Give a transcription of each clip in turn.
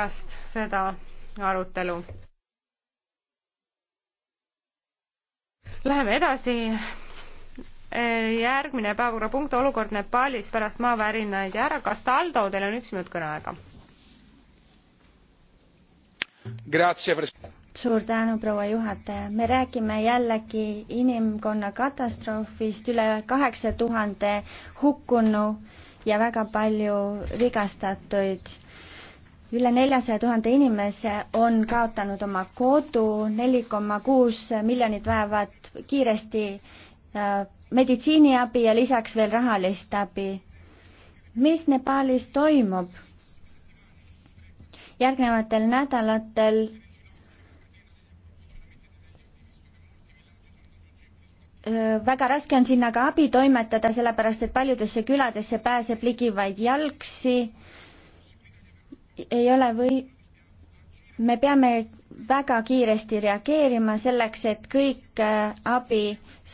pärast seda arutelu. Läheme edasi. E, järgmine päevakorrapunkt, olukord Nepaalis pärast maavärinaid ja härra Castaldo, teil on üks minut kõneaega. suur tänu, proua juhataja. me räägime jällegi inimkonna katastroofist, üle kaheksa tuhande hukkunu ja väga palju vigastatuid üle neljasaja tuhande inimese on kaotanud oma kodu, neli koma kuus miljonit vajavad kiiresti äh, meditsiiniabi ja lisaks veel rahalist abi. mis Nepaalis toimub? järgnevatel nädalatel äh, väga raske on sinna ka abi toimetada, sellepärast et paljudesse küladesse pääseb ligi vaid jalgsi ei ole või-, me peame väga kiiresti reageerima selleks, et kõik äh, abi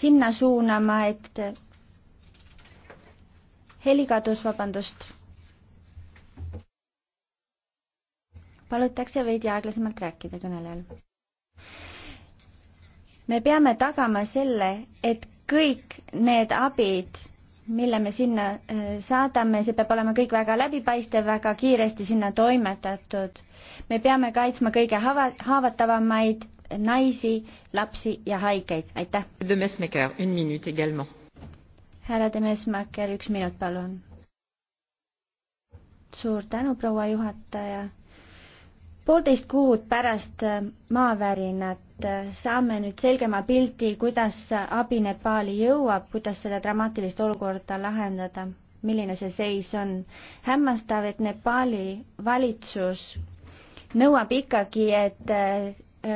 sinna suunama, et äh, heli kadus, vabandust. palutakse veidi aeglasemalt rääkida kõnelejal. me peame tagama selle, et kõik need abid mille me sinna äh, saadame, see peab olema kõik väga läbipaistev, väga kiiresti sinna toimetatud. me peame kaitsma kõige haava, haavatavamaid naisi, lapsi ja haigeid, aitäh. härra Demesmaker, üks minut, palun. suur tänu, proua juhataja poolteist kuud pärast äh, maavärinat äh, saame nüüd selgema pildi, kuidas abi Nepaali jõuab, kuidas seda dramaatilist olukorda lahendada, milline see seis on. hämmastav, et Nepaali valitsus nõuab ikkagi, et äh,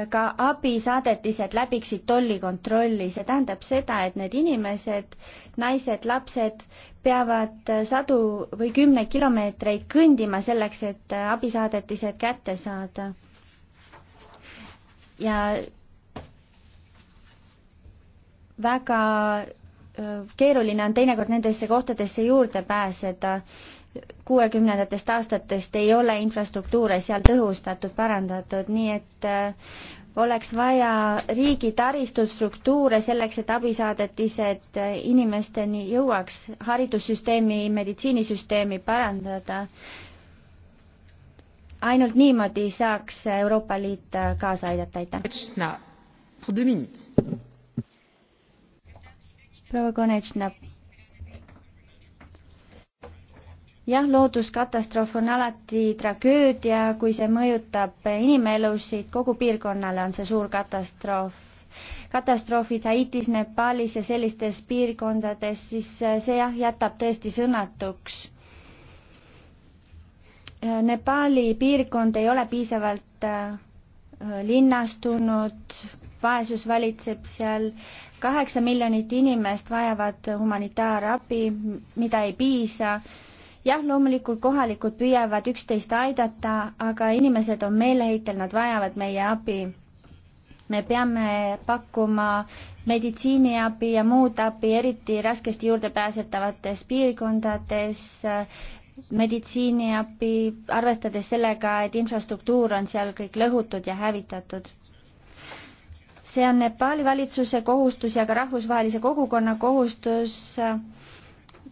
ka abisaadetised läbiksid tollikontrolli, see tähendab seda, et need inimesed, naised, lapsed peavad sadu või kümneid kilomeetreid kõndima selleks, et abisaadetised kätte saada. ja väga äh, keeruline on teinekord nendesse kohtadesse juurde pääseda kuuekümnendatest aastatest ei ole infrastruktuure seal tõhustatud, parandatud, nii et äh, oleks vaja riigi taristustruktuure selleks, et abisaadatised äh, inimesteni jõuaks, haridussüsteemi, meditsiinisüsteemi parandada. ainult niimoodi saaks Euroopa Liit äh, kaasa aidata, aitäh. proua Konečna, jah, looduskatastroof on alati tragöödia, kui see mõjutab inimelusid, kogu piirkonnale on see suur katastroof. katastroofid Haitis, Nepaalis ja sellistes piirkondades, siis see jah, jätab tõesti sõnatuks. Nepaali piirkond ei ole piisavalt äh, linnastunud, vaesus valitseb seal, kaheksa miljonit inimest vajavad humanitaarabi, mida ei piisa jah, loomulikult kohalikud püüavad üksteist aidata, aga inimesed on meeleheitel, nad vajavad meie abi. me peame pakkuma meditsiiniabi ja muud abi, eriti raskesti juurdepääsetavates piirkondades, eh, meditsiiniabi, arvestades sellega, et infrastruktuur on seal kõik lõhutud ja hävitatud. see on Nepaali valitsuse kohustus ja ka rahvusvahelise kogukonna kohustus eh,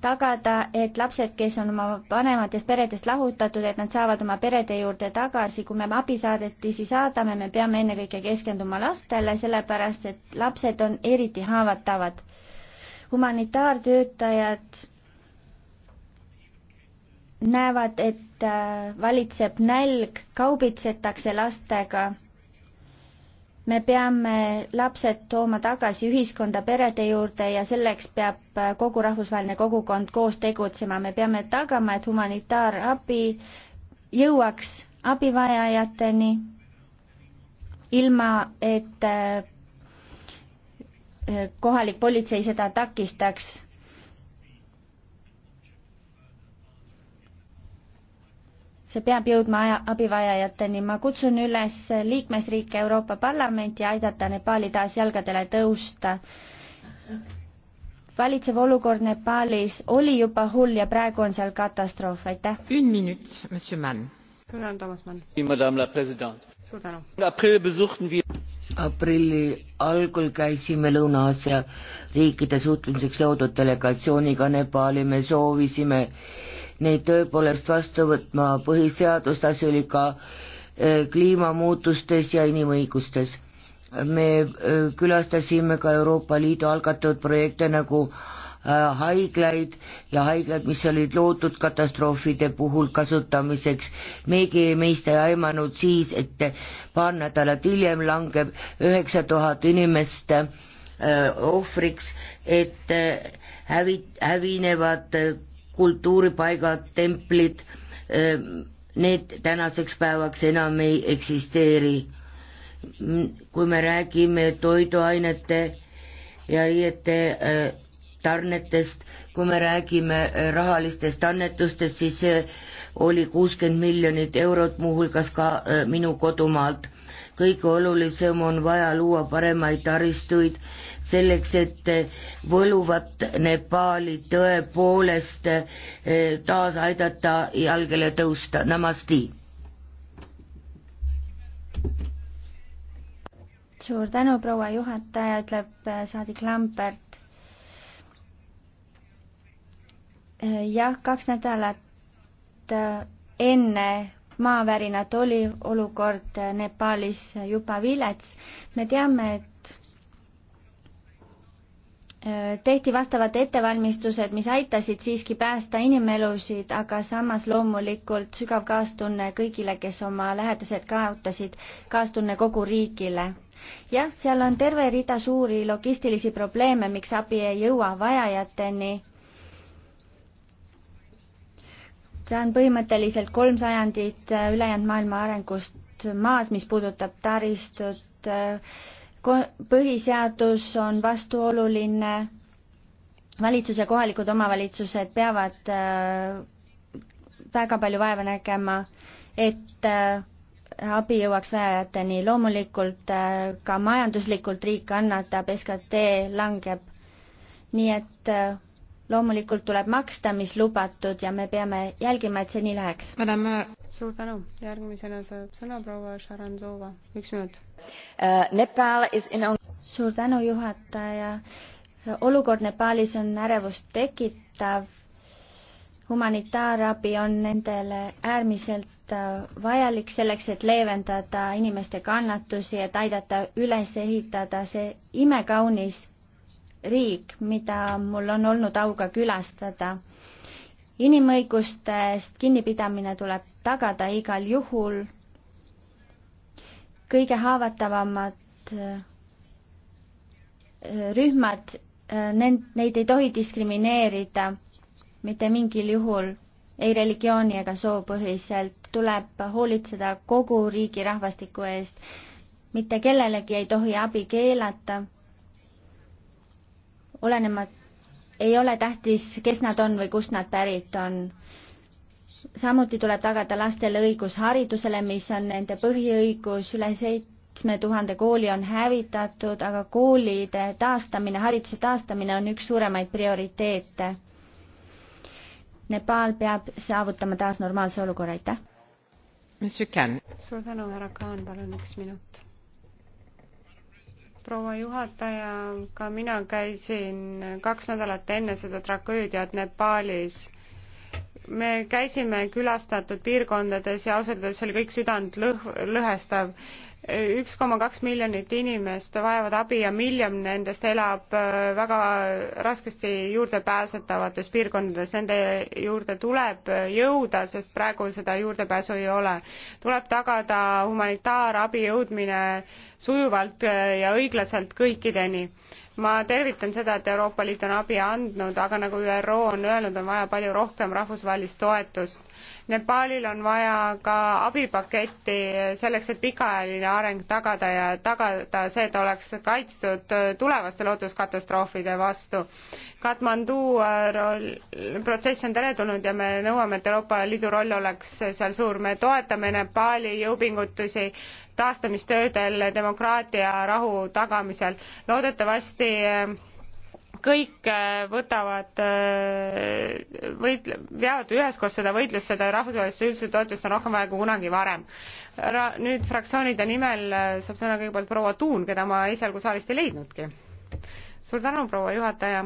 tagada, et lapsed, kes on oma vanematest peredest lahutatud, et nad saavad oma perede juurde tagasi, kui me abisaadetisi saadame, me peame ennekõike keskenduma lastele, sellepärast et lapsed on eriti haavatavad. humanitaartöötajad näevad, et äh, valitseb nälg, kaubitsetakse lastega me peame lapsed tooma tagasi ühiskonda perede juurde ja selleks peab äh, kogu rahvusvaheline kogukond koos tegutsema, me peame tagama, et humanitaarabi jõuaks abivajajateni ilma, et äh, äh, kohalik politsei seda takistaks see peab jõudma aja, abivajajateni. ma kutsun üles liikmesriike Euroopa Parlamenti aidata Nepaali taas jalgadele tõusta. valitsev olukord Nepaalis oli juba hull ja praegu on seal katastroof, aitäh. Une minute, monsieur Mann. Madame la Présidente. suur tänu. aprill besuchten wir aprilli algul käisime Lõuna-Aasia riikide suhtlemiseks loodud delegatsiooniga Nepaali, me soovisime neid tõepoolest vastu võtma, põhiseadust, asi oli ka eh, kliimamuutustes ja inimõigustes. me eh, külastasime ka Euroopa Liidu algatatud projekte nagu eh, haiglaid ja haiglad, mis olid loodud katastroofide puhul kasutamiseks. meegi meist ei aimanud siis, et paar nädalat hiljem langeb üheksa tuhat inimest ohvriks, et hävi-, hävinevad kultuuripaigad, templid, ehm, need tänaseks päevaks enam ei eksisteeri. kui me räägime toiduainete ja riiete ehm, tarnetest, kui me räägime ehm, rahalistest annetustest, siis see oli kuuskümmend miljonit eurot, muuhulgas ka minu kodumaalt kõige olulisem on vaja luua paremaid taristuid selleks, et võluvat Nepaali tõepoolest eh, taas aidata jalgele tõusta, namasti. suur tänu, proua juhataja, ütleb eh, saadik Lambert. Eh, jah, kaks nädalat enne maavärinat oli olukord Nepaalis juba vilets. me teame, et tehti vastavad ettevalmistused, mis aitasid siiski päästa inimelusid, aga samas loomulikult sügav kaastunne kõigile, kes oma lähedased kaotasid, kaastunne kogu riigile jah, seal on terve rida suuri logistilisi probleeme, miks abi ei jõua vajajateni ta on põhimõtteliselt kolm sajandit äh, ülejäänud maailma arengust maas, mis puudutab taristut. Äh, põhiseadus on vastuoluline, valitsus ja kohalikud omavalitsused peavad äh, väga palju vaeva nägema, et abi jõuaks vajajateni. loomulikult ka majanduslikult riik kannatab, SKT langeb. nii et loomulikult tuleb maksta, mis lubatud ja me peame jälgima, et see nii läheks. me oleme, suur tänu, järgmisena saab sõna proua Šaranzova, üks minut uh,. Nepal is in on... suur tänu, juhataja. olukord Nepaalis on ärevust tekitav. humanitaarabi on nendele äärmiselt äh, vajalik selleks, et leevendada inimeste kannatusi, et aidata üles ehitada see imekaunis riik, mida mul on olnud au ka külastada. inimõigustest kinnipidamine tuleb tagada igal juhul. kõige haavatavamad äh, rühmad, äh, nend-, neid ei tohi diskrimineerida mitte mingil juhul, ei religiooni ega soopõhiselt, tuleb hoolitseda kogu riigi rahvastiku eest. mitte kellelegi ei tohi abi keelata olenemata, ei ole tähtis, kes nad on või kust nad pärit on. samuti tuleb tagada lastele õigus haridusele, mis on nende põhiõigus, üle seitsme tuhande kooli on hävitatud, aga koolide taastamine, hariduse taastamine on üks suuremaid prioriteete. Nepal peab saavutama taas normaalse olukorra, aitäh! suur tänu, härra Kaan, palun üks minut proua juhataja, ka mina käisin kaks nädalat enne seda tragöödiat Nepaalis. me käisime külastatud piirkondades ja ausalt öeldes oli kõik südant lõh-, lõhestav üks koma kaks miljonit inimest vajavad abi ja miljon nendest elab äh, väga raskesti juurdepääsetavates piirkondades, nende juurde tuleb äh, jõuda, sest praegu seda juurdepääsu ei ole. tuleb tagada humanitaarabi jõudmine sujuvalt äh, ja õiglaselt kõikideni ma tervitan seda, et Euroopa Liit on abi andnud, aga nagu ÜRO on öelnud, on vaja palju rohkem rahvusvahelist toetust. Nepaalil on vaja ka abipaketti selleks, et pikaajaline areng tagada ja tagada see, et oleks kaitstud tulevaste looduskatastroofide vastu. Katmandu äh, protsess on teretulnud ja me nõuame, et Euroopa Liidu roll oleks seal suur. me toetame Nepaali jõupingutusi taastamistöödel, demokraatia, rahu tagamisel. loodetavasti eh, kõik eh, võtavad, eh, võit-, veavad üheskoos seda võitlust, seda rahvusvahelist üldset toetust on rohkem vaja kui kunagi varem. Ra-, nüüd fraktsioonide nimel saab sõna kõigepealt proua Tuun, keda ma esialgu saalist ei leidnudki. suur tänu, proua juhataja.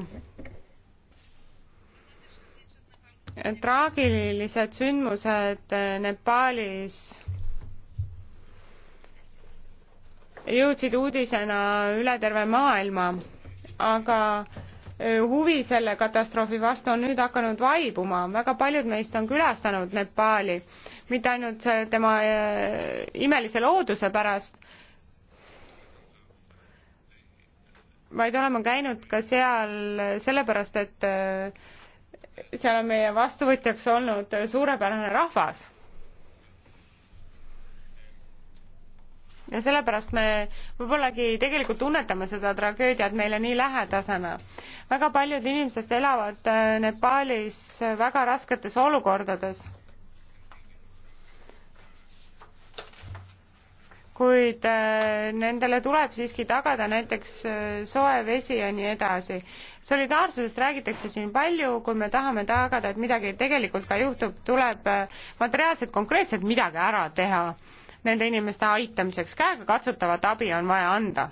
traagilised sündmused Nepaalis jõudsid uudisena üle terve maailma, aga huvi selle katastroofi vastu on nüüd hakanud vaibuma, väga paljud meist on külastanud Nepaali, mitte ainult tema imelise looduse pärast, vaid oleme käinud ka seal sellepärast, et seal on meie vastuvõtjaks olnud suurepärane rahvas ja sellepärast me võib-ollagi tegelikult tunnetame seda tragöödiat meile nii lähedasena. väga paljud inimesed elavad äh, Nepaalis väga rasketes olukordades. kuid äh, nendele tuleb siiski tagada näiteks äh, soe vesi ja nii edasi. solidaarsusest räägitakse siin palju, kui me tahame tagada, et midagi tegelikult ka juhtub, tuleb materiaalselt konkreetselt midagi ära teha nende inimeste aitamiseks. käegakatsutavat abi on vaja anda.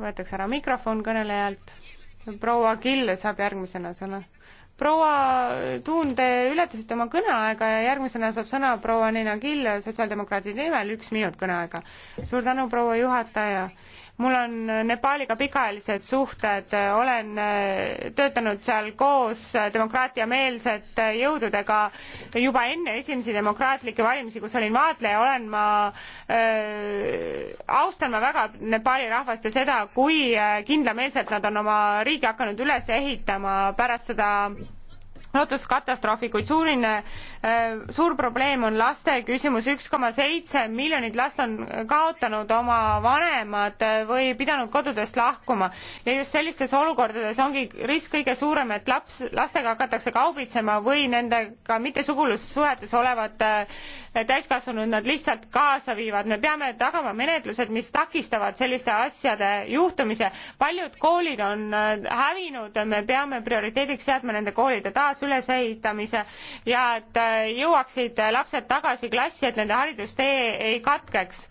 võetakse ära mikrofon kõnelejalt. proua Kill saab järgmisena sõna. proua Tuun, te ületasite oma kõneaega ja järgmisena saab sõna proua Nina Kill sotsiaaldemokraatide nimel, üks minut kõneaega. suur tänu, proua juhataja mul on Nepaaliga pikaajalised suhted, olen äh, töötanud seal koos äh, demokraatiameelsete jõududega juba enne esimesi demokraatlikke valimisi, kus olin vaatleja, olen ma äh,, austan ma väga Nepaali rahvast ja seda, kui äh, kindlameelselt nad on oma riigi hakanud üles ehitama pärast seda looduskatastroofi, kuid suurine, äh, suur probleem on laste küsimus, üks koma seitse miljonit last on kaotanud oma vanemad äh, või pidanud kodudest lahkuma. ja just sellistes olukordades ongi risk kõige suurem, et laps, lastega hakatakse kaubitsema või nendega mitte sugulussuhetes olevad äh, täiskasvanud nad lihtsalt kaasa viivad. me peame tagama menetlused, mis takistavad selliste asjade juhtumise. paljud koolid on hävinud, me peame prioriteediks seadma nende koolide taas üles ülesehitamise ja et äh, jõuaksid äh, lapsed tagasi klassi, et nende haridustee ei katkeks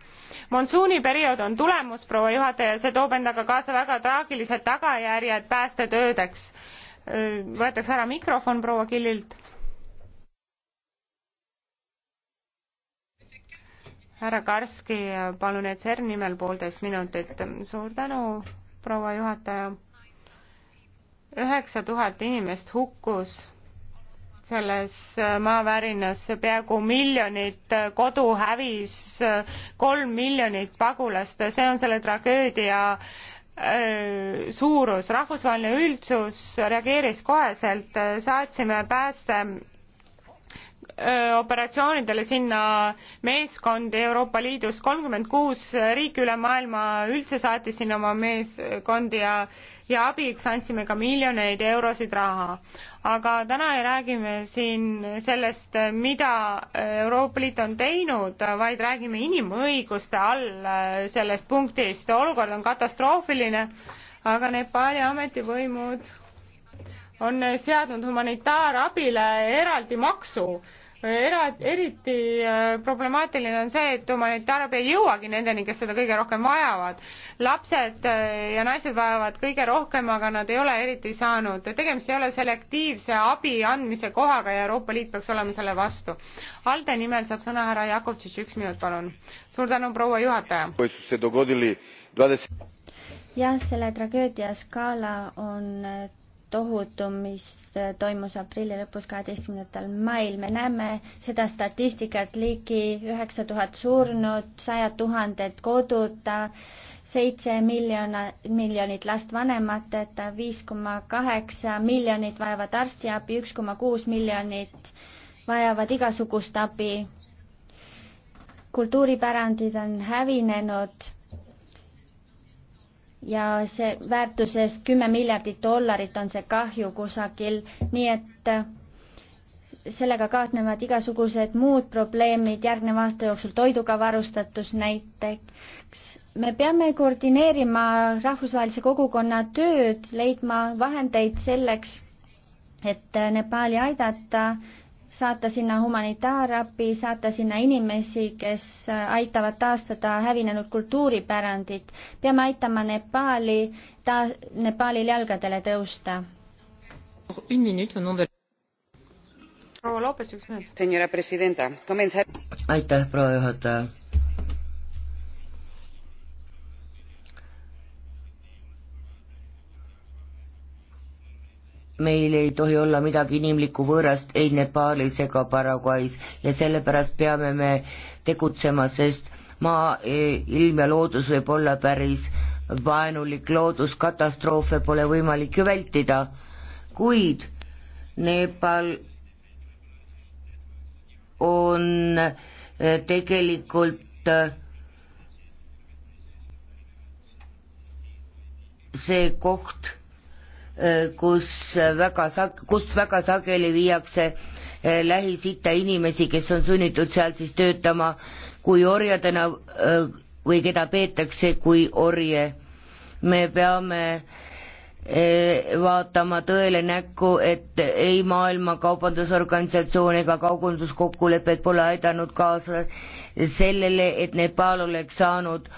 monsuuniperiood on tulemus, proua juhataja, see toob endaga kaasa väga traagilised tagajärjed päästetöödeks. Äh, võetakse ära mikrofon proua Killilt. härra Karski, palun ETSR nimel poolteist minutit. suur tänu, proua juhataja. üheksa tuhat inimest hukkus selles äh, maavärinas peaaegu miljonit äh, kodu hävis, äh, kolm miljonit pagulast, see on selle tragöödia suurus. rahvusvaheline üldsus reageeris koheselt, saatsime pääste operatsioonidele sinna meeskondi Euroopa Liidust, kolmkümmend kuus riiki üle maailma üldse saatis sinna oma meeskondi ja ja abiks andsime ka miljoneid eurosid raha. aga täna ei räägi me siin sellest, mida Euroopa Liit on teinud, vaid räägime inimõiguste all äh, sellest punktist, olukord on katastroofiline, aga Nepali ametivõimud on seadnud humanitaarabile eraldi maksu era-, eriti äh, problemaatiline on see, et humanitaarabi ei jõuagi nendeni, kes seda kõige rohkem vajavad. lapsed äh, ja naised vajavad kõige rohkem, aga nad ei ole eriti saanud. tegemist ei ole selektiivse abi andmise kohaga ja Euroopa Liit peaks olema selle vastu. ALDE nimel saab sõna härra Jakovtšitš, üks minut, palun. suur tänu, proua juhataja. jah, selle tragöödia skaala on tohutu, mis toimus aprilli lõpus, kaheteistkümnendal mail. me näeme seda statistikat, ligi üheksa tuhat surnut, sajad tuhanded koduta, seitse miljona, miljonit last vanemateta, viis koma kaheksa miljonit vajavad arstiabi, üks koma kuus miljonit vajavad igasugust abi. kultuuripärandid on hävinenud ja see väärtuses kümme miljardit dollarit on see kahju kusagil, nii et äh, sellega kaasnevad igasugused muud probleemid järgneva aasta jooksul, toiduga varustatus näiteks. me peame koordineerima rahvusvahelise kogukonna tööd, leidma vahendeid selleks, et äh, Nepaali aidata saata sinna humanitaarabi, saata sinna inimesi, kes aitavad taastada hävinenud kultuuripärandit. peame aitama Nepaali, ta-, Nepaalil jalgadele tõusta. proua Loopes, üks minut. aitäh, proua juhataja meil ei tohi olla midagi inimlikku võõrast ei Nepaalis ega Paraguay's ja sellepärast peame me tegutsema, sest maa, eh, ilm ja loodus võib olla päris vaenulik, looduskatastroofe pole võimalik ju vältida, kuid Nepal on eh, tegelikult eh, see koht Äh, kus väga sag-, kust väga sageli viiakse äh, Lähis-Ita inimesi, kes on sunnitud seal siis töötama kui orjadena äh, või keda peetakse kui orje. me peame vaatama tõele näkku, et ei Maailma Kaubandusorganisatsioon ega kaubanduskokkulepped pole aidanud kaasa sellele, et Nepal oleks saanud äh,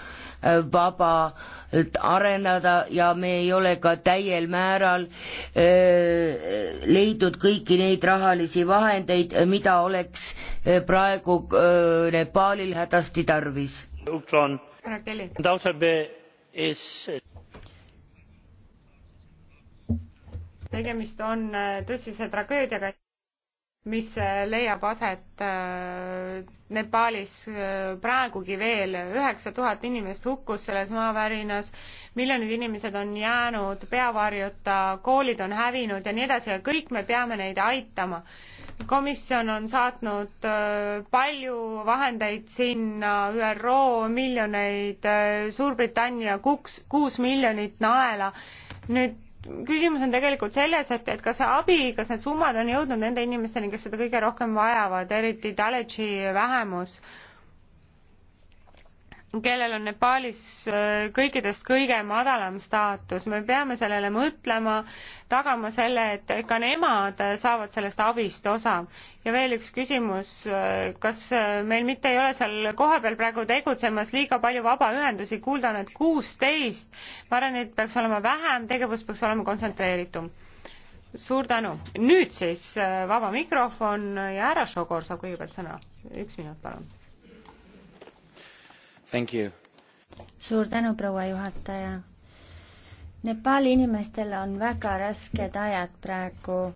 vabalt areneda ja me ei ole ka täiel määral äh, leidnud kõiki neid rahalisi vahendeid, mida oleks äh, praegu äh, Nepaalil hädasti tarvis. härra Kelly tegemist on tõsise tragöödiaga mis äh, leiab aset äh, Nepaalis äh, praegugi veel. üheksa tuhat inimest hukkus selles maavärinas, miljonid inimesed on jäänud peavarjuta, koolid on hävinud ja nii edasi ja kõik me peame neid aitama. komisjon on saatnud palju vahendeid sinna, ÜRO miljoneid, Suurbritannia kuks, kuus miljonit naela. nüüd küsimus on tegelikult selles, et, et kas see abi, kas need summad on jõudnud nende inimesteni, kes seda kõige rohkem vajavad, eriti Daletši vähemus äh, kellel on Nepaalis äh, kõikidest kõige madalam staatus. me peame sellele mõtlema, tagama selle, et ka nemad saavad sellest abist osa. ja veel üks küsimus, äh, kas äh, meil mitte ei ole seal kohapeal praegu tegutsemas liiga palju vabaühendusi, kuulda on, et kuusteist. ma arvan, et peaks olema vähem, tegevus peaks olema kontsentreeritum. suur tänu. nüüd siis vaba mikrofon ja härra Šogor saab kõigepealt sõna. üks minut, palun suur tänu, proua juhataja. Nepaali inimestel on väga rasked ajad praegu.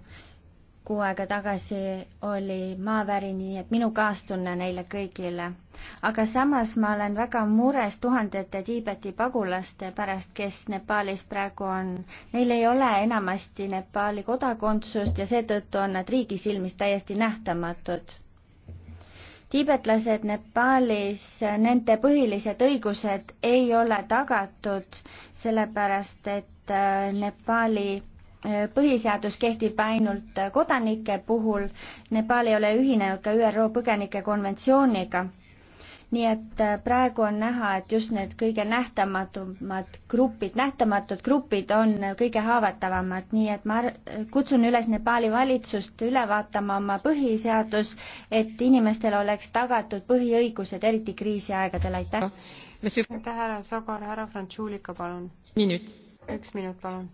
Kuu aega tagasi oli maavärin, nii et minu kaastunne neile kõigile. aga samas ma olen väga mures tuhandete Tiibeti pagulaste pärast, kes Nepaalis praegu on. Neil ei ole enamasti Nepaali kodakondsust ja seetõttu on nad riigi silmis täiesti nähtamatud tiibetlased Nepaalis, nende põhilised õigused ei ole tagatud, sellepärast et äh, Nepaali äh, põhiseadus kehtib ainult kodanike puhul, Nepaal ei ole ühinenud ka ÜRO põgenike konventsiooniga nii et äh, praegu on näha, et just need kõige nähtamatumad grupid, nähtamatud grupid on äh, kõige haavatavamad, nii et ma kutsun üles Nepaali valitsust üle vaatama oma põhiseadus, et inimestel oleks tagatud põhiõigused, eriti kriisiaegadel, aitäh. aitäh, härra Sogor, härra Frantsuulika, palun. üks minut, palun.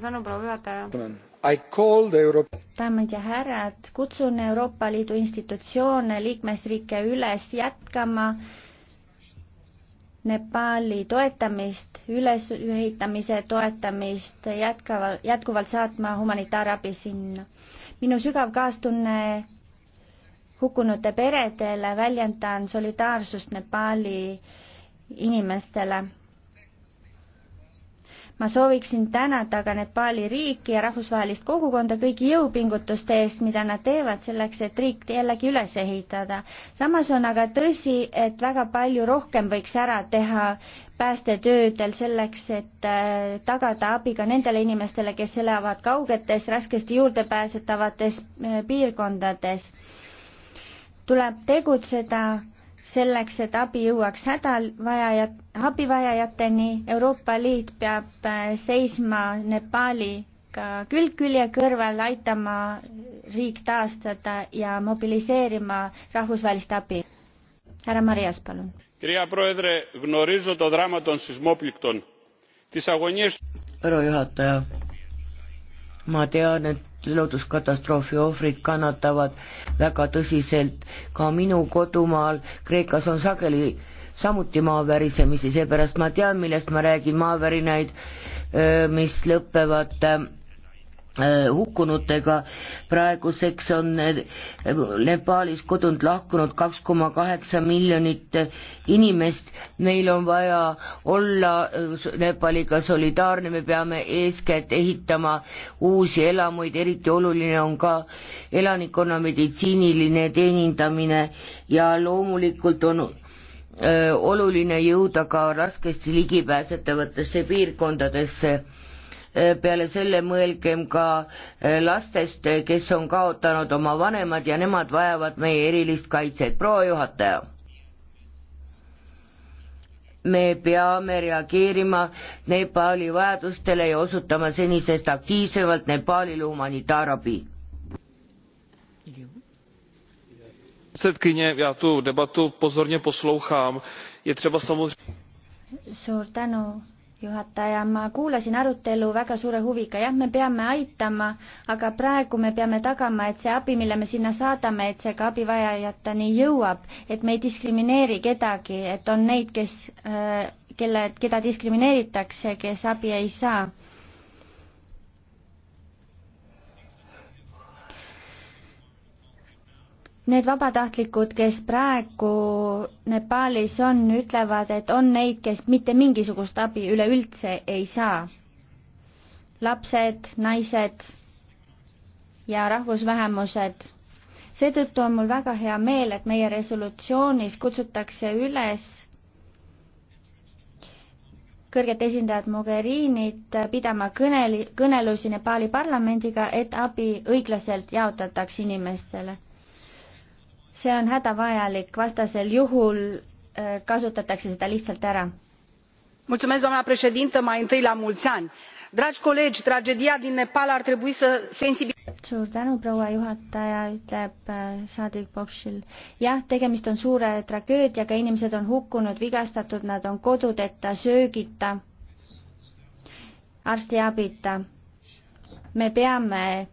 tänan, proua juhataja daamid ja härrad, kutsun Euroopa Liidu institutsioone, liikmesriike üles jätkama Nepaali toetamist, ülesehitamise toetamist, jätkava, jätkuvalt saatma humanitaarabi sinna. minu sügav kaastunne hukkunute peredele, väljendan solidaarsust Nepaali inimestele ma sooviksin tänada ka Nepaali riiki ja rahvusvahelist kogukonda kõigi jõupingutuste eest, mida nad teevad selleks, et riik jällegi üles ehitada. samas on aga tõsi, et väga palju rohkem võiks ära teha päästetöödel selleks, et äh, tagada abi ka nendele inimestele, kes elavad kaugetes, raskesti juurdepääsetavates äh, piirkondades. tuleb tegutseda selleks, et abi jõuaks hädavajajat, abivajajateni, Euroopa Liit peab äh, seisma Nepaaliga külg külje kõrval, aitama riik taastada ja mobiliseerima rahvusvahelist abi. härra Marias, palun. härra juhataja ma tean, et looduskatastroofi ohvrid kannatavad väga tõsiselt, ka minu kodumaal Kreekas on sageli samuti maavärisemisi, seepärast ma tean, millest ma räägin, maavärinaid, mis lõpevad Äh, hukkunutega. praeguseks on äh, Nepaalis kodunt lahkunud kaks koma kaheksa miljonit äh, inimest. meil on vaja olla Nepaliga solidaarne, me peame eeskätt ehitama uusi elamuid, eriti oluline on ka elanikkonna meditsiiniline teenindamine ja loomulikult on oluline jõuda ka raskesti ligipääsetavatesse piirkondadesse Eh, peale selle mõelgem ka eh, lastest, eh, kes on kaotanud oma vanemad ja nemad vajavad meie erilist kaitset, proua juhataja me peame reageerima Nepaali vajadustele ja osutama senisest aktiivsemalt Nepaalile humanitaarabi. předsedkyně já tu debatu pozorně poslouchám je třeba samozřejmě. suur tänu juhataja, ma kuulasin arutelu väga suure huviga, jah, me peame aitama, aga praegu me peame tagama, et see abi, mille me sinna saadame, et see ka abivajajateni jõuab, et me ei diskrimineeri kedagi, et on neid, kes, äh, kelle, keda diskrimineeritakse, kes abi ei saa. Need vabatahtlikud, kes praegu Nepaalis on, ütlevad, et on neid, kes mitte mingisugust abi üleüldse ei saa. lapsed, naised ja rahvusvähemused seetõttu on mul väga hea meel, et meie resolutsioonis kutsutakse üles kõrget esindajat Mogherinit pidama kõneli, kõnelusi Nepaali parlamendiga, et abi õiglaselt jaotataks inimestele see on hädavajalik, vastasel juhul äh, kasutatakse seda lihtsalt ära. doamnă președintă mai întâi la mulți ani. dragi colegi tragedia din nepal ar trebui să sensibilisează. Äh, jah tegemist on suure tragöödiaga inimesed on hukkunud vigastatud nad on kodudeta söögita arstiabita. me peame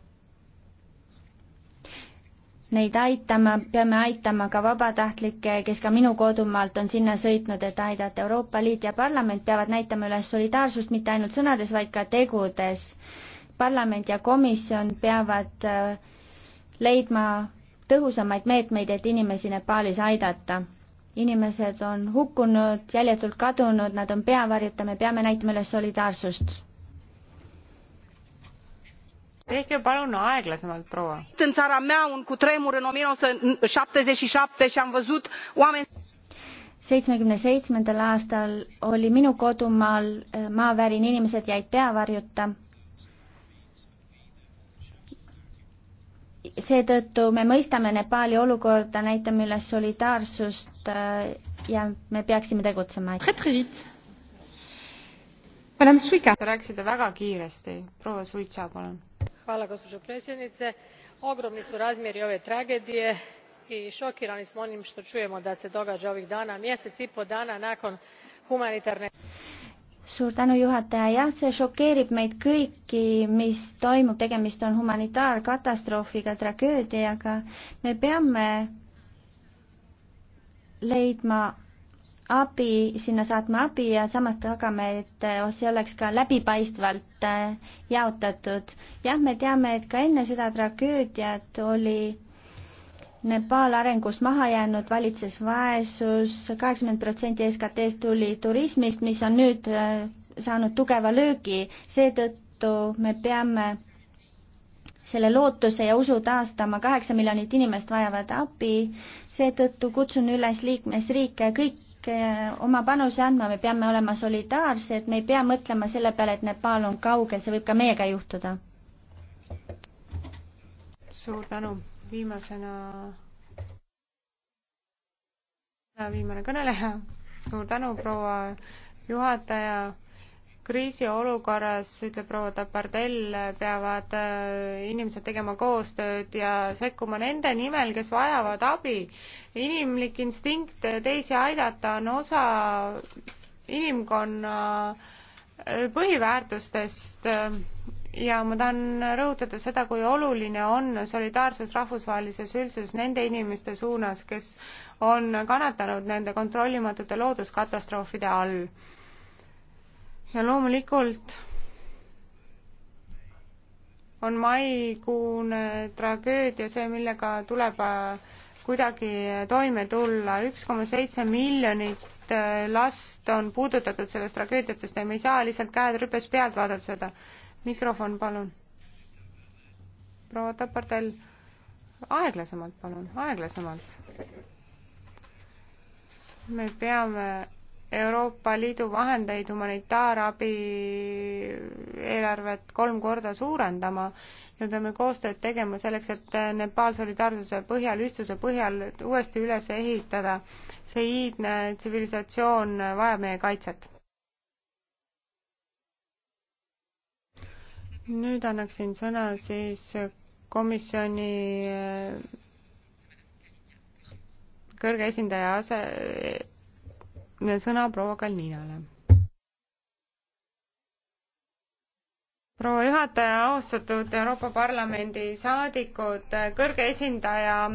neid aitama, peame aitama ka vabatahtlikke, kes ka minu kodumaalt on sinna sõitnud, et aidata. Euroopa Liit ja parlament peavad näitama üles solidaarsust mitte ainult sõnades, vaid ka tegudes. parlament ja komisjon peavad äh, leidma tõhusamaid meetmeid, et inimesi Nepaalis aidata. inimesed on hukkunud, jäljetult kadunud, nad on peavarjuta, me peame näitama üles solidaarsust tehke palun aeglasemalt proua. în țara mea un cutremur în o mie nouăsada șaptezeci și șapte și am văzut oameni. seitsmekümne seitsmendal aastal oli minu kodumaal eh, maavärin, inimesed jäid peavarjuta. seetõttu me mõistame Nepaali olukorda, näitame üles solidaarsust eh, ja me peaksime tegutsema. Te rääkisite väga kiiresti, proua Suitsa, palun gospođo predsjednice ogromni su razmjeri ove tragedije i šokirani smo onim što čujemo da se događa ovih dana mjesec i pol dana nakon humanitarne jah see šokeerib meid kõiki mis toimub tegemist on humanitaarkatastroofiga tragöödiaga me peame leidma abi, sinna saatma abi ja samas tagame, et eh, see oleks ka läbipaistvalt eh, jaotatud. jah, me teame, et ka enne seda tragöödiat oli Nepaal arengus maha jäänud, valitses vaesus, kaheksakümmend protsenti SKT-st tuli turismist, mis on nüüd eh, saanud tugeva löögi, seetõttu me peame selle lootuse ja usu taastama, kaheksa miljonit inimest vajavad abi, seetõttu kutsun üles liikmesriike kõik eh, oma panuse andma, me peame olema solidaarsed, me ei pea mõtlema selle peale, et Nepal on kaugel, see võib ka meiega juhtuda. suur tänu, viimasena, viimane kõneleja, suur tänu, proua juhataja kriisiolukorras, ütleb proua Tapardell, peavad äh, inimesed tegema koostööd ja sekkuma nende nimel, kes vajavad abi. inimlik instinkt äh, teisi aidata on osa inimkonna äh, põhiväärtustest ja ma tahan rõhutada seda, kui oluline on solidaarsus rahvusvahelises üldsuses nende inimeste suunas, kes on kannatanud nende kontrollimatute looduskatastroofide all ja loomulikult on maikuune tragöödia see, millega tuleb äh, kuidagi toime tulla. üks koma seitse miljonit äh, last on puudutatud sellest tragöödiatest ja me ei saa lihtsalt käed rüpes pealt vaadata seda. mikrofon, palun. proua Tapartel, aeglasemalt palun, aeglasemalt. me peame Euroopa Liidu vahendeid humanitaarabi eelarvet kolm korda suurendama. me peame koostööd tegema selleks, et Nepal solidaarsuse põhjal, ühtsuse põhjal uuesti üles ehitada. see iidne tsivilisatsioon vajab meie kaitset. nüüd annaksin sõna siis komisjoni eh, kõrge esindaja ase sõna proua Kalninale. proua juhataja, austatud Euroopa Parlamendi saadikud, kõrge esindaja,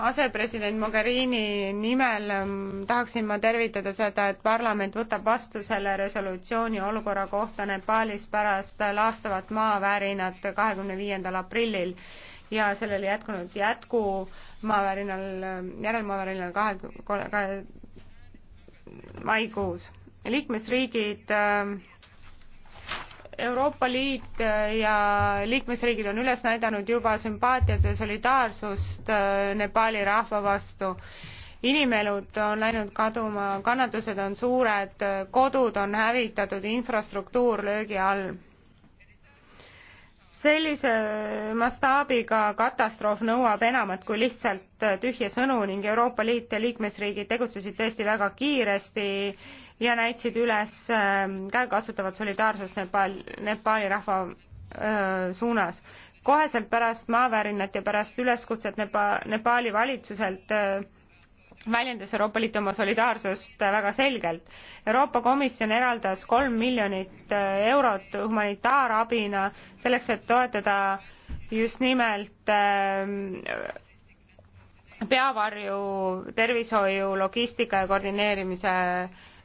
asepresident Mogherini nimel ehm, tahaksin ma tervitada seda, et parlament võtab vastu selle resolutsiooni olukorra kohta Nepaalis pärast laastavat maavärinat kahekümne viiendal aprillil ja sellele jätkunud jätku maavärinal, ehm, järelmaavärinal kahe, kahe maikuus. liikmesriigid ähm, Euroopa Liit äh, ja liikmesriigid on üles näidanud juba sümpaatiat ja solidaarsust äh, Nepaali rahva vastu. inimelud on läinud kaduma, kannatused on suured, äh, kodud on hävitatud, infrastruktuur löögi all sellise mastaabiga katastroof nõuab enamat kui lihtsalt äh, tühje sõnu ning Euroopa Liit ja liikmesriigid tegutsesid tõesti väga kiiresti ja näitasid üles ähm, käegakatsutavat solidaarsust Nepaal, Nepaali rahva öö, äh, suunas. koheselt pärast maavärinat ja pärast üleskutset Nepa-, Nepaali valitsuselt öö, äh, väljendas Euroopa Liit oma solidaarsust äh, väga selgelt. Euroopa Komisjon eraldas kolm miljonit äh, eurot humanitaarabina selleks, et toetada just nimelt ähm, peavarju, tervishoiu, logistika ja koordineerimise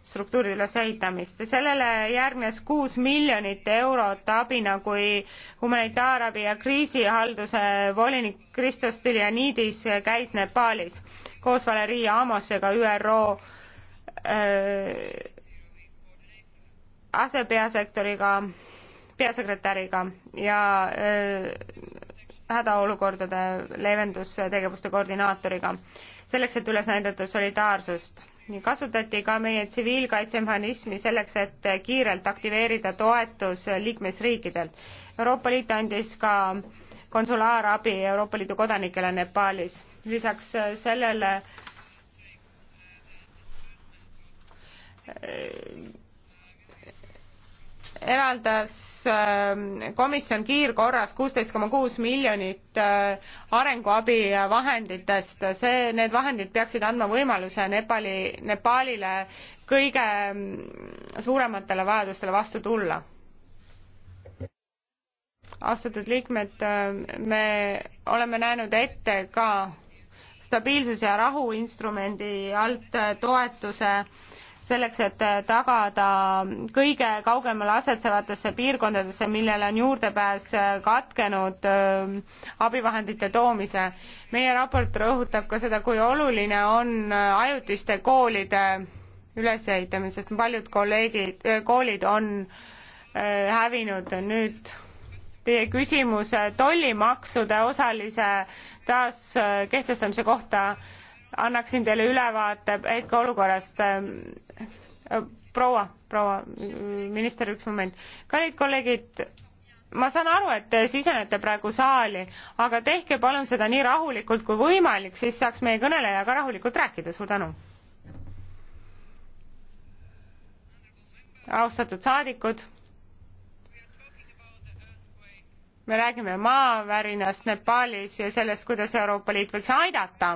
struktuuri ülesehitamist. sellele järgnes kuus miljonit eurot abina, kui humanitaarabi ja kriisihalduse volinik Kristos Stiljanidis käis Nepaalis koos Valeria Amosega ÜRO äh, asepeasektoriga, peasekretäriga ja äh, hädaolukordade leevendustegevuste koordinaatoriga, selleks, et üles näidata solidaarsust. kasutati ka meie tsiviilkaitsemehhanismi selleks, et kiirelt aktiveerida toetus liikmesriikidelt. Euroopa Liit andis ka äh, konsulaarabi Euroopa Liidu kodanikele Nepaalis. lisaks äh, sellele äh, eraldas ähm, komisjon kiirkorras kuusteist koma kuus miljonit äh, arenguabi vahenditest, see, need vahendid peaksid andma võimaluse Nepali, Nepaalile kõige mm, suurematele vajadustele vastu tulla austatud liikmed, me oleme näinud ette ka stabiilsus ja rahu instrumendi alt toetuse selleks, et tagada kõige kaugemale asetsevatesse piirkondadesse, millele on juurdepääs katkenud ähm, abivahendite toomise. meie raport rõhutab ka seda, kui oluline on ajutiste koolide ülesehitamine, sest paljud kolleegid, koolid on äh, hävinud nüüd teie küsimus tollimaksude osalise taaskehtestamise äh, kohta annaksin teile ülevaate hetkeolukorrast äh, proua proua minister üks moment kallid kolleegid ma saan aru et te sisenete praegu saali aga tehke palun seda nii rahulikult kui võimalik siis saaks meie kõneleja ka rahulikult rääkida suur tänu austatud saadikud me räägime maavärinast Nepaalis ja sellest, kuidas Euroopa Liit võiks aidata.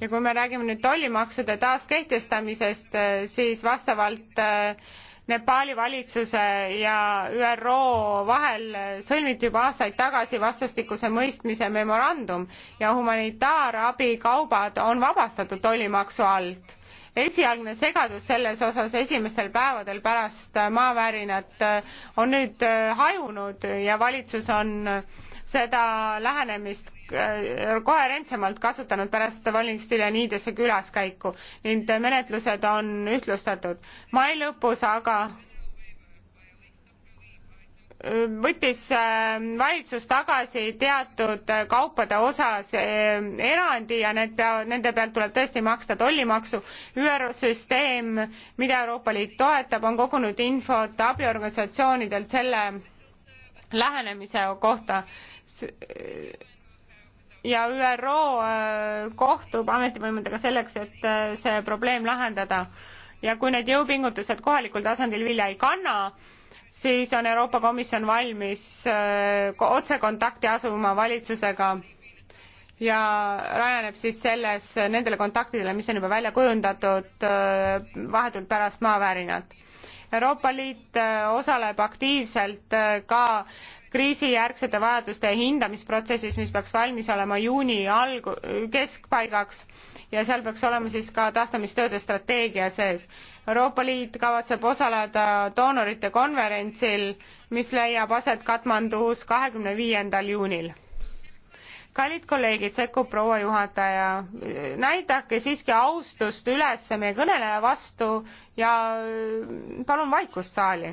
ja kui me räägime nüüd tollimaksude taaskehtestamisest, eh, siis vastavalt eh, Nepaali valitsuse ja ÜRO vahel eh, sõlmiti juba aastaid tagasi vastastikuse mõistmise memorandum ja humanitaarabi kaubad on vabastatud tollimaksu alt esialgne segadus selles osas esimestel päevadel pärast maavärinat äh, on nüüd äh, hajunud ja valitsus on äh, seda lähenemist koherentsemalt kasutanud pärast volinik Styljanidese külaskäiku ning menetlused on ühtlustatud. mai lõpus aga võttis äh, valitsus tagasi teatud kaupade osas äh, erandi ja need pea- nende pealt tuleb tõesti maksta tollimaksu üro süsteem mida euroopa liit toetab on kogunud infot abiorganisatsioonidelt selle lähenemise kohta ja üro äh, kohtub ametivõimudega selleks et see probleem lahendada ja kui need jõupingutused kohalikul tasandil vilja ei kanna siis on Euroopa Komisjon valmis äh, otsekontakti asuma valitsusega ja rajaneb siis selles, äh, nendele kontaktidele, mis on juba välja kujundatud äh, vahetult pärast maavärinat. Euroopa Liit osaleb aktiivselt ka kriisijärgsete vajaduste hindamisprotsessis, mis peaks valmis olema juuni algu-, keskpaigaks ja seal peaks olema siis ka taastamistööde strateegia sees. Euroopa Liit kavatseb osaleda doonorite konverentsil, mis leiab aset Katmandus kahekümne viiendal juunil. kallid kolleegid, sekkub proua juhataja, näidake siiski austust üles meie kõneleja vastu ja palun vaikust saali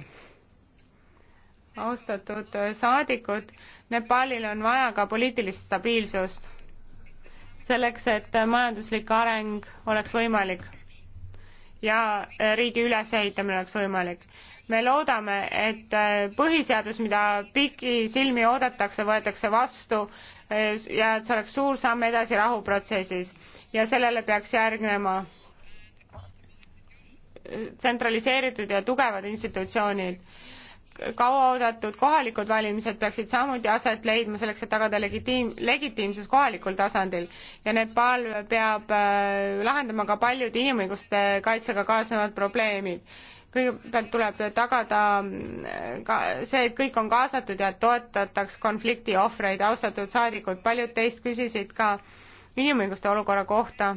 austatud äh, saadikud, Nepaalil on vaja ka poliitilist stabiilsust selleks, et äh, majanduslik areng oleks võimalik ja äh, riigi ülesehitamine oleks võimalik. me loodame, et põhiseadus, mida pikisilmi oodatakse, võetakse vastu ja et see oleks suur samm edasi rahuprotsessis ja sellele peaks järgnema tsentraliseeritud ja tugevad institutsioonid kaotatud kohalikud valimised peaksid samuti aset leidma selleks, et tagada legitiim-, legitiimsus kohalikul tasandil ja Nepal peab äh, lahendama ka paljud inimõiguste kaitsega kaasnevad probleemid. kõigepealt tuleb tagada äh, ka see, et kõik on kaasatud ja toetataks konflikti ohvreid, austatud saadikud, paljud teist küsisid ka inimõiguste olukorra kohta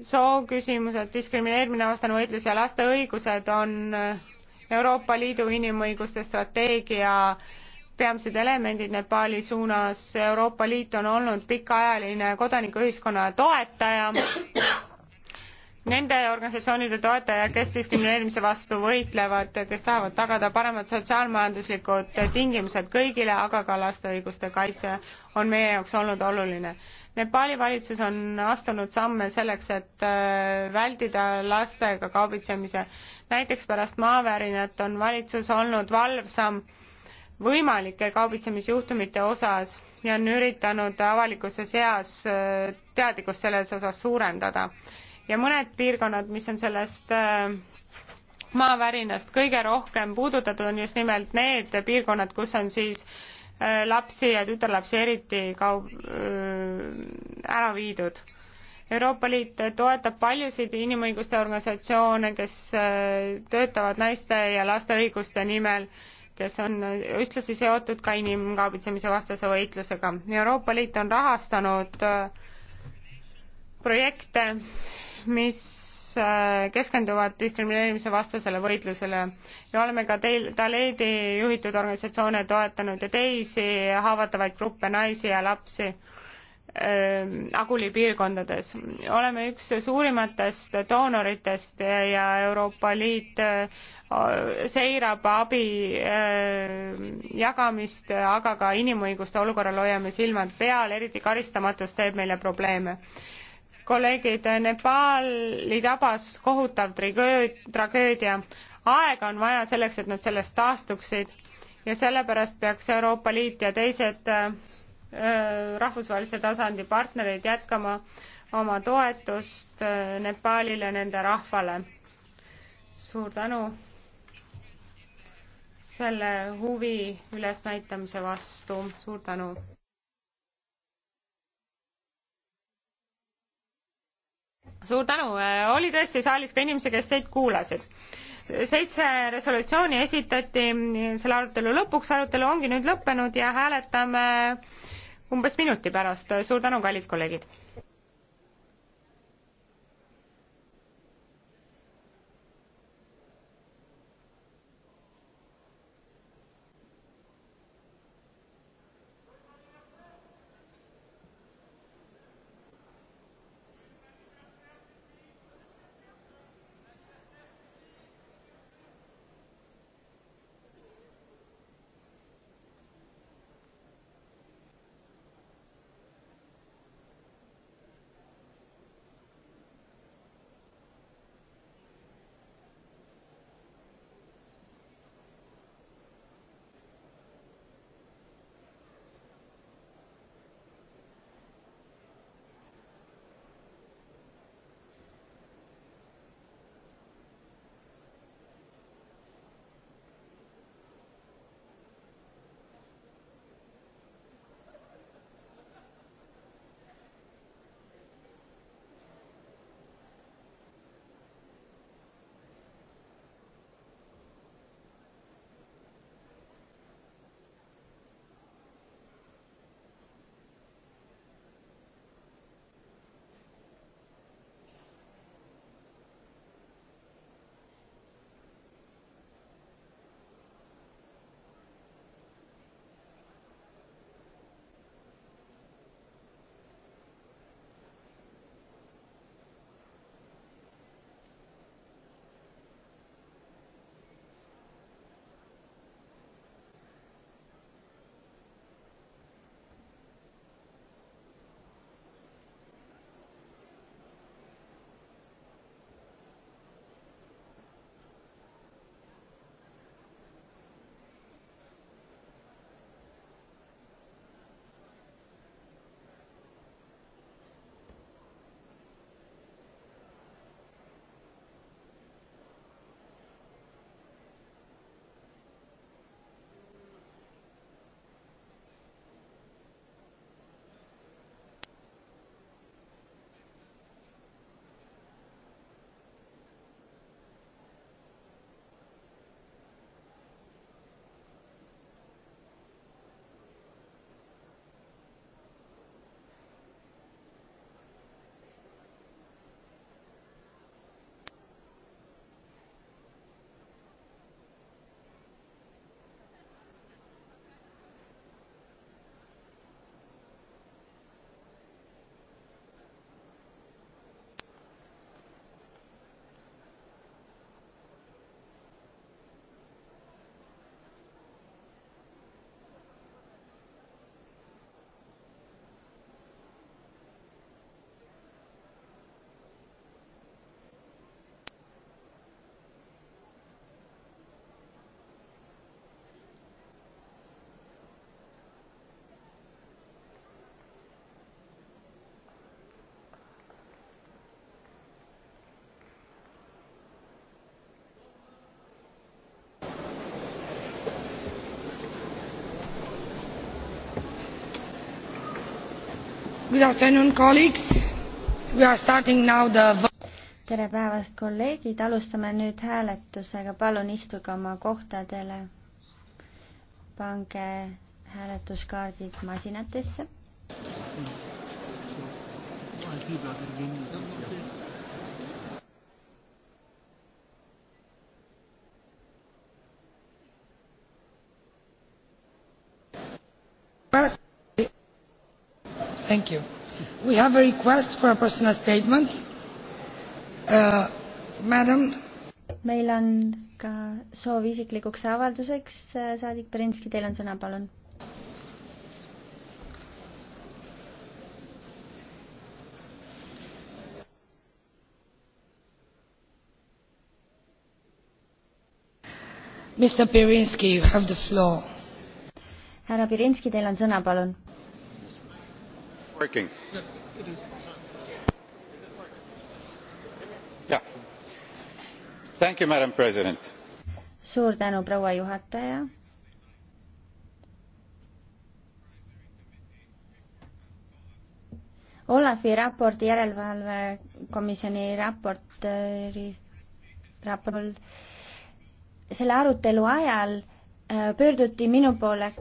sooküsimused, diskrimineerimine, vastane võitlus ja laste õigused on äh, Euroopa Liidu inimõiguste strateegia peamised elemendid Nepaali suunas. Euroopa Liit on olnud pikaajaline kodanikuühiskonna toetaja nende organisatsioonide toetaja, kes diskrimineerimise vastu võitlevad, kes tahavad tagada paremad sotsiaalmajanduslikud tingimused kõigile, aga ka laste õiguste kaitse on meie jaoks olnud oluline. Nepali valitsus on astunud samme selleks, et äh, vältida lastega kaubitsemise. näiteks pärast maavärinat on valitsus olnud valvsam võimalike kaubitsemisjuhtumite osas ja on üritanud avalikkuse seas äh, teadlikkust selles osas suurendada. ja mõned piirkonnad, mis on sellest äh, maavärinast kõige rohkem puudutatud, on just nimelt need piirkonnad, kus on siis äh, Äh, lapsi ja tütarlapsi eriti kaub-, äh, ära viidud. Euroopa Liit toetab paljusid inimõiguste organisatsioone, kes äh, töötavad naiste ja laste õiguste nimel, kes on ühtlasi seotud ka inimkaubitsemise vastase võitlusega. Euroopa Liit on rahastanud projekte, mis Äh, keskenduvad diskrimineerimise vastasele võitlusele ja oleme ka teil, Taleedi juhitud organisatsioone toetanud ja teisi haavatavaid gruppe, naisi ja lapsi ähm, Aguli piirkondades. oleme üks suurimatest doonoritest ja Euroopa Liit äh, seirab abi äh, jagamist, aga ka inimõiguste olukorral hoiame silmad peal, eriti karistamatus teeb meile probleeme kolleegid, Nepaali tabas kohutav tragöödia. aega on vaja selleks, et nad sellest taastuksid ja sellepärast peaks Euroopa Liit ja teised äh, äh, rahvusvahelise tasandi partnereid jätkama oma toetust äh, Nepaalile, nende rahvale. suur tänu selle huvi ülesnäitamise vastu, suur tänu! suur tänu, äh, oli tõesti saalis ka inimesi, kes teid kuulasid seitse resolutsiooni esitati selle arutelu lõpuks, arutelu ongi nüüd lõppenud ja hääletame umbes minuti pärast, suur tänu, kallid kolleegid! tere päevast, kolleegid, alustame nüüd hääletusega, palun istuge oma kohtadele. pange hääletuskaardid masinatesse. Thank you. We have a request for a personal statement uh,. Madam. meil on ka soov isiklikuks avalduseks, äh, saadik Berinski, teil on sõna, palun härra pirinski teil on sõna palun! working? It is. Yeah. Thank you, madam president. suur tänu, proua juhataja. Olavi raporti järelevalvekomisjoni raportööri raport selle arutelu ajal äh, pöörduti minu poole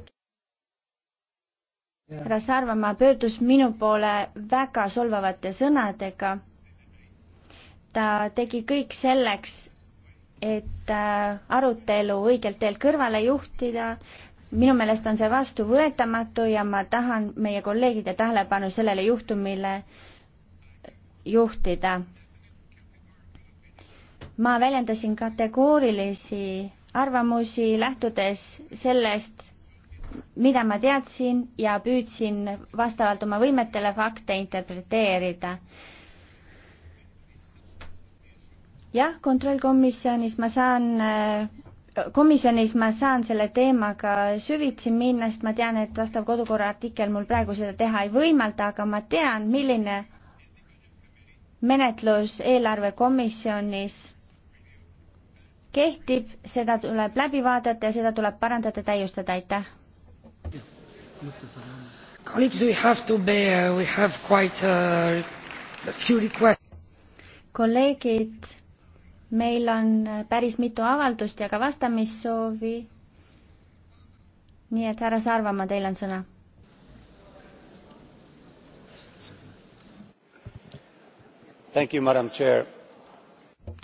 härra Sarvamaa pöördus minu poole väga solvavate sõnadega. ta tegi kõik selleks, et äh, arutelu õigelt teelt kõrvale juhtida. minu meelest on see vastuvõetamatu ja ma tahan meie kolleegide tähelepanu sellele juhtumile juhtida. ma väljendasin kategoorilisi arvamusi, lähtudes sellest, mida ma teadsin ja püüdsin vastavalt oma võimetele fakte interpreteerida. jah, kontrollkomisjonis ma saan, äh, komisjonis ma saan selle teemaga süvitsi minna, sest ma tean, et vastav kodukorra artikkel mul praegu seda teha ei võimalda, aga ma tean, milline menetlus eelarvekomisjonis kehtib, seda tuleb läbi vaadata ja seda tuleb parandada, täiustada, aitäh! Uh, uh, kolleegid, meil on äh, päris mitu avaldust ja ka vastamissoovi. nii et härra Sarvamaa, teil on sõna.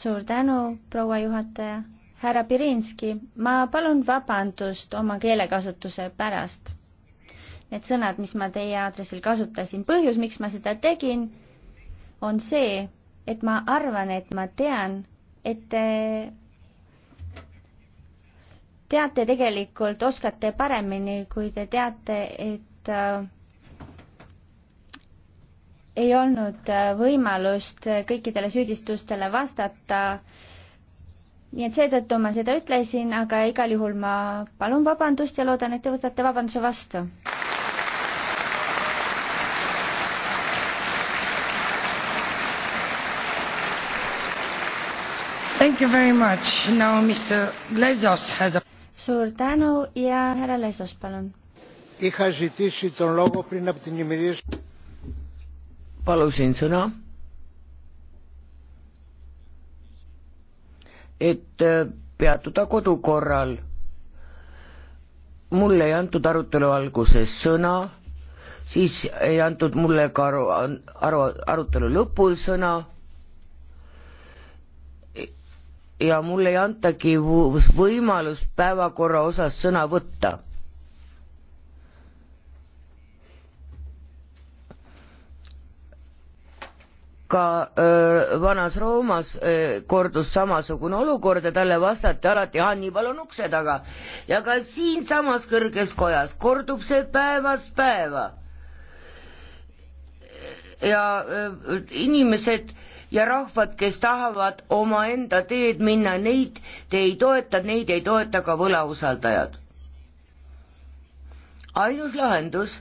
suur tänu, proua juhataja härra Pirinski, ma palun vabandust oma keelekasutuse pärast need sõnad, mis ma teie aadressil kasutasin. põhjus, miks ma seda tegin, on see, et ma arvan, et ma tean, et te teate tegelikult, oskate paremini, kui te teate, et äh, ei olnud äh, võimalust kõikidele süüdistustele vastata äh, nii et seetõttu ma seda ütlesin, aga igal juhul ma palun vabandust ja loodan, et te võtate vabanduse vastu. Thank you very much. Now Mr Lesos has a... Suur tänu ja härra Lesos, palun. palusin sõna et äh, peatuda kodukorral. mulle ei antud arutelu alguses sõna, siis ei antud mulle ka aru, aru, arutelu lõpul sõna ja mulle ei antagi võimalust päevakorra osas sõna võtta. ka öö, vanas Roomas öö, kordus samasugune olukord ja talle vastati alati Hannibal on ukse taga ja ka siinsamas kõrges kojas kordub see päevast päeva. ja öö, inimesed öö, ja rahvad, kes tahavad omaenda teed minna, neid te ei toeta, neid ei toeta ka võlausaldajad. ainus lahendus.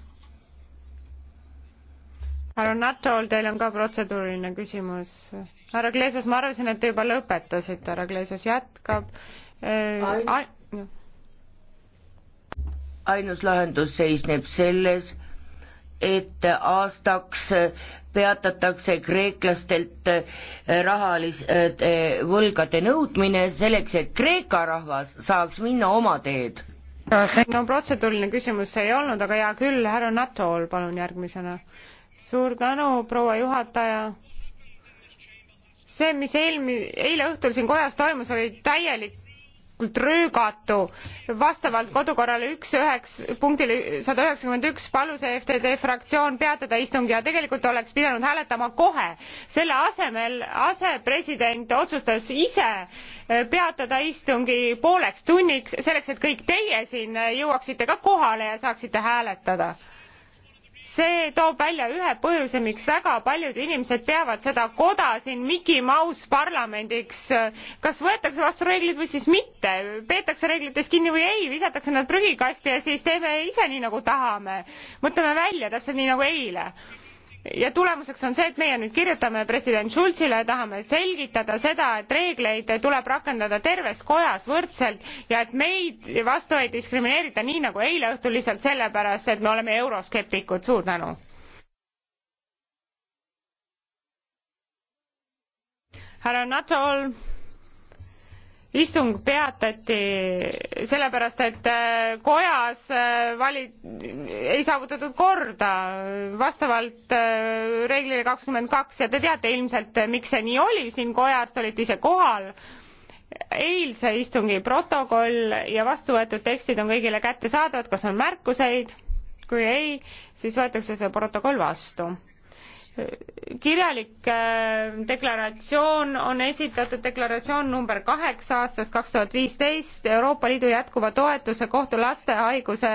härra Natol, teil on ka protseduuriline küsimus. härra Gleesos, ma arvasin, et te juba lõpetasite, härra Gleesos jätkab äh, Ain.... ainus lahendus seisneb selles et aastaks peatatakse kreeklastelt rahaliste äh, võlgade nõudmine selleks, et Kreeka rahvas saaks minna oma teed. no protseduuriline küsimus see ei olnud, aga hea küll, härra Natol, palun järgmisena. suur tänu, proua juhataja see, mis eelmi-, eile õhtul siin kojas toimus, oli täielik tegelikult röögatu. vastavalt kodukorrale üks üheks punktile sada üheksakümmend üks palus EFTD fraktsioon peatada istungi ja tegelikult oleks pidanud hääletama kohe. selle asemel asepresident otsustas ise eh, peatada istungi pooleks tunniks selleks, et kõik teie siin eh, jõuaksite ka kohale ja saaksite hääletada see toob välja ühe põhjuse miks väga paljud inimesed peavad seda koda siin mickey mouse parlamendiks kas võetakse vastu reeglid või siis mitte peetakse reeglitest kinni või ei visatakse nad prügikasti ja siis teeme ise nii nagu tahame mõtleme välja täpselt nii nagu eile ja tulemuseks on see, et meie nüüd kirjutame president Schulzile ja tahame selgitada seda, et reegleid tuleb rakendada terves kojas võrdselt ja et meid vastu ei diskrimineerita nii nagu eile õhtul lihtsalt sellepärast, et me oleme euroskeptikud, suur tänu. härra Natol istung peatati sellepärast, et äh, kojas äh, vali-, ei saavutatud korda vastavalt äh, reeglile kakskümmend kaks ja te teate ilmselt, miks see nii oli, siin kojas te olite ise kohal. eilse istungi protokoll ja vastu võetud tekstid on kõigile kättesaadavad, kas on märkuseid? kui ei, siis võetakse see protokoll vastu kirjalik äh, deklaratsioon on esitatud, deklaratsioon number kaheksa aastast kaks tuhat viisteist Euroopa Liidu jätkuva toetuse kohta lastehaiguse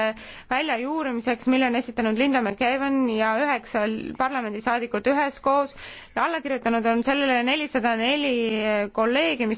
väljajuurimiseks, mille on esitanud Linda McEwen ja üheksa parlamendisaadikut üheskoos ja alla kirjutanud on sellele nelisada neli kolleegi, mis